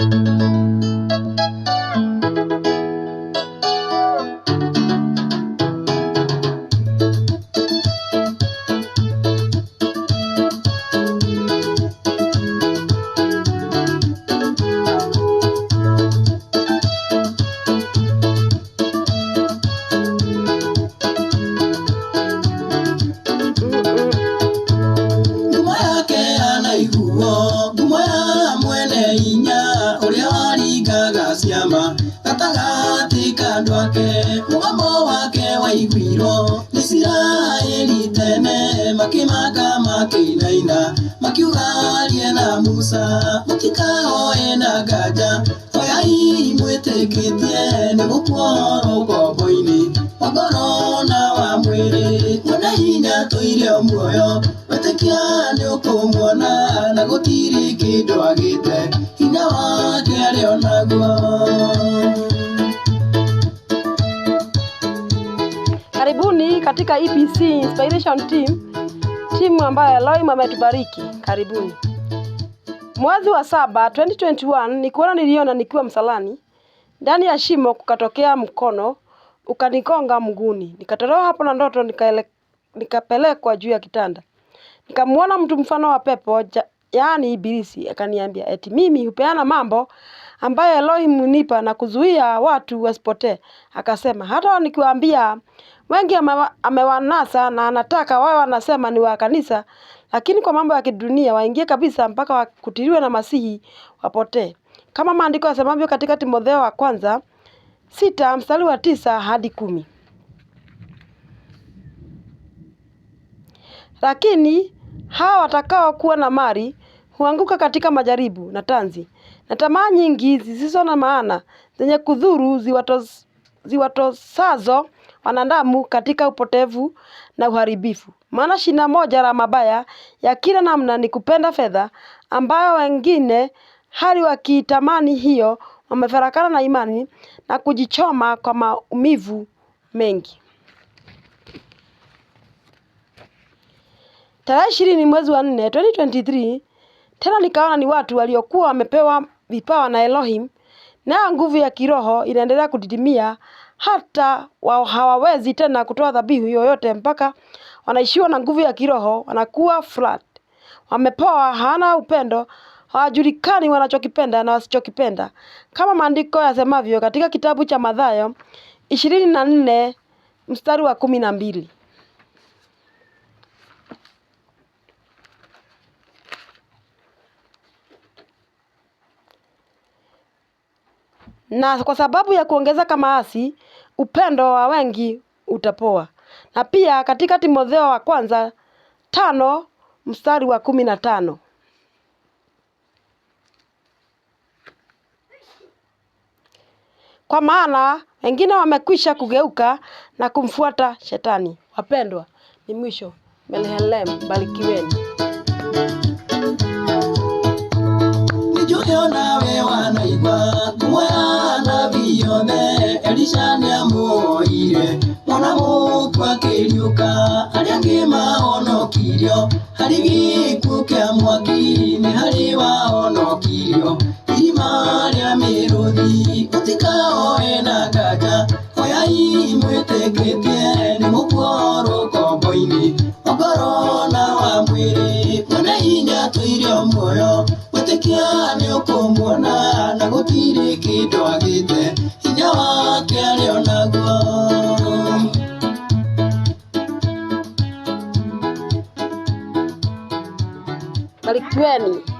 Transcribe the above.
Música gatagatĩ ka andũ ake wake waiguirwo nĩ Isiraeli tene makĩmaka makĩinaina makiuga arie na Musa mũtikahoe na nganja oyai mwĩtĩkĩtie nĩ gũkwo rũkombo-inĩ wa ngoro na wa mwĩrĩ mwona hinya tũire muoyo wĩtĩkia nĩ ũkũmuona na gũtirĩ kĩndũ agĩte hinya wake arĩ onaguo katika EPC Inspiration Team, timu ambayo Elohim ametubariki. Karibuni. Mwezi wa saba 2021 nikuona, niliona nikiwa msalani ndani ya shimo, kukatokea mkono ukanikonga mguni nikatolewa hapo na ndoto nikapelekwa juu ya kitanda, nikamwona mtu mfano wa pepo ja, yaani Ibilisi akaniambia eti mimi hupeana mambo ambaye Elohim hunipa na kuzuia watu wasipotee. Akasema hata nikiwaambia wengi amewanasa na anataka wao wanasema ni wa kanisa, lakini kwa mambo ya kidunia waingie kabisa mpaka wakutiliwe na Masihi wapotee, kama maandiko yasemavyo katika Timotheo wa kwanza sita mstari wa tisa hadi kumi. Lakini hawa watakao kuwa na mali huanguka katika majaribu na tanzi na tamaa nyingi zisizo na maana zenye kudhuru ziwatos, ziwatosazo wanadamu katika upotevu na uharibifu. Maana shina moja la mabaya ya kila namna ni kupenda fedha, ambayo wengine hali wakitamani hiyo wamefarakana na imani na kujichoma kwa maumivu mengi. Tarehe ishirini mwezi wa nne 2023 tena nikaona ni watu waliokuwa wamepewa vipawa na Elohim, nayo nguvu ya kiroho inaendelea kudidimia, hata wao hawawezi tena kutoa dhabihu yoyote mpaka wanaishiwa na nguvu ya kiroho, wanakuwa flat, wamepoa, hana upendo, hawajulikani wanachokipenda na wasichokipenda, kama maandiko yasemavyo katika kitabu cha Mathayo ishirini na nne mstari wa kumi na mbili. na kwa sababu ya kuongezeka maasi, upendo wa wengi utapoa. Na pia katika Timotheo wa kwanza tano mstari wa kumi na tano kwa maana wengine wamekwisha kugeuka na kumfuata Shetani. Wapendwa, ni mwisho. Bethlehem, barikiweni. ituka aria angĩ mahonokirio harĩ gĩkuũ kĩa mwaki nĩ harĩ wahonokirio irima rĩa mĩrũthi ũtikaoe na nganja oya imwĩtĩkĩtie nĩ mũkuorwo kombo-inĩ ũkorwo na wa mwĩrĩ mwene hinya tũirio muoyo wĩtĩkia nĩ ũkũmuona na gũtirĩ kĩndũ Barikiweni.